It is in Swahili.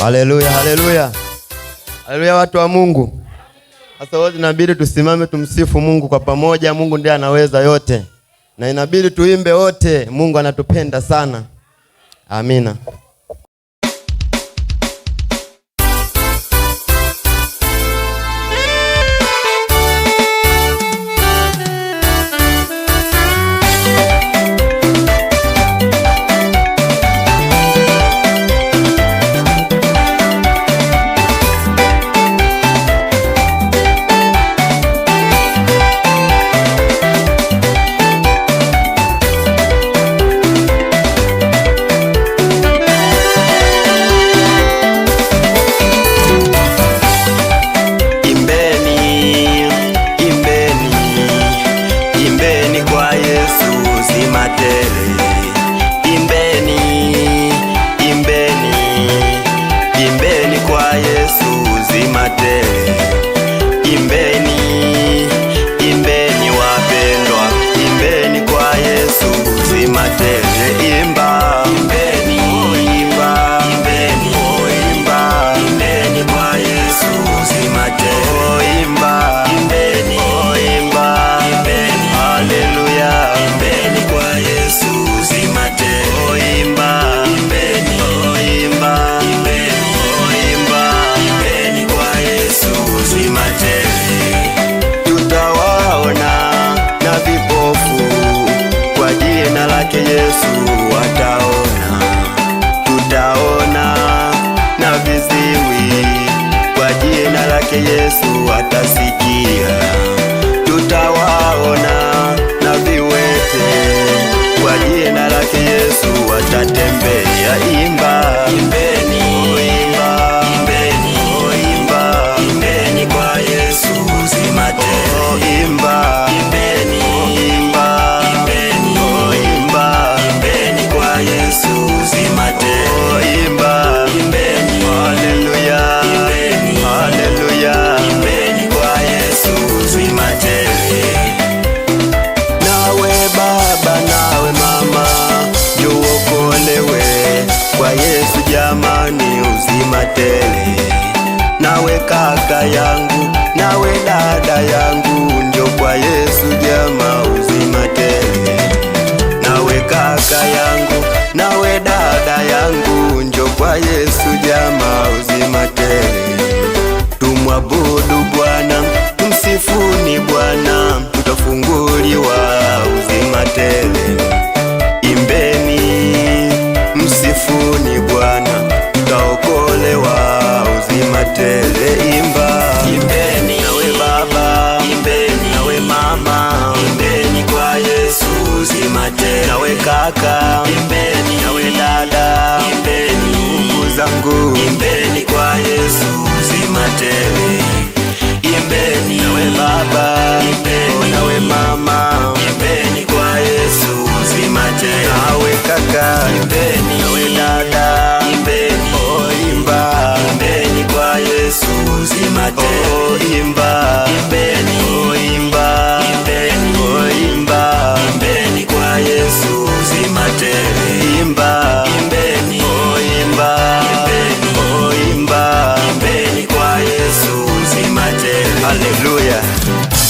Haleluya, haleluya, haleluya, watu wa Mungu. Sasa wote inabidi tusimame tumsifu Mungu kwa pamoja. Mungu ndiye anaweza yote, na inabidi tuimbe wote. Mungu anatupenda sana. Amina. matele. Imbeni, imbeni, imbeni kwa Yesu zimatele yake Yesu atasikia. yangu, nawe dada yangu, njo kwa Yesu jama uzima tele. Nawe kaka yangu, nawe dada yangu, njo kwa Yesu jama kaka Mbele. Aleluia.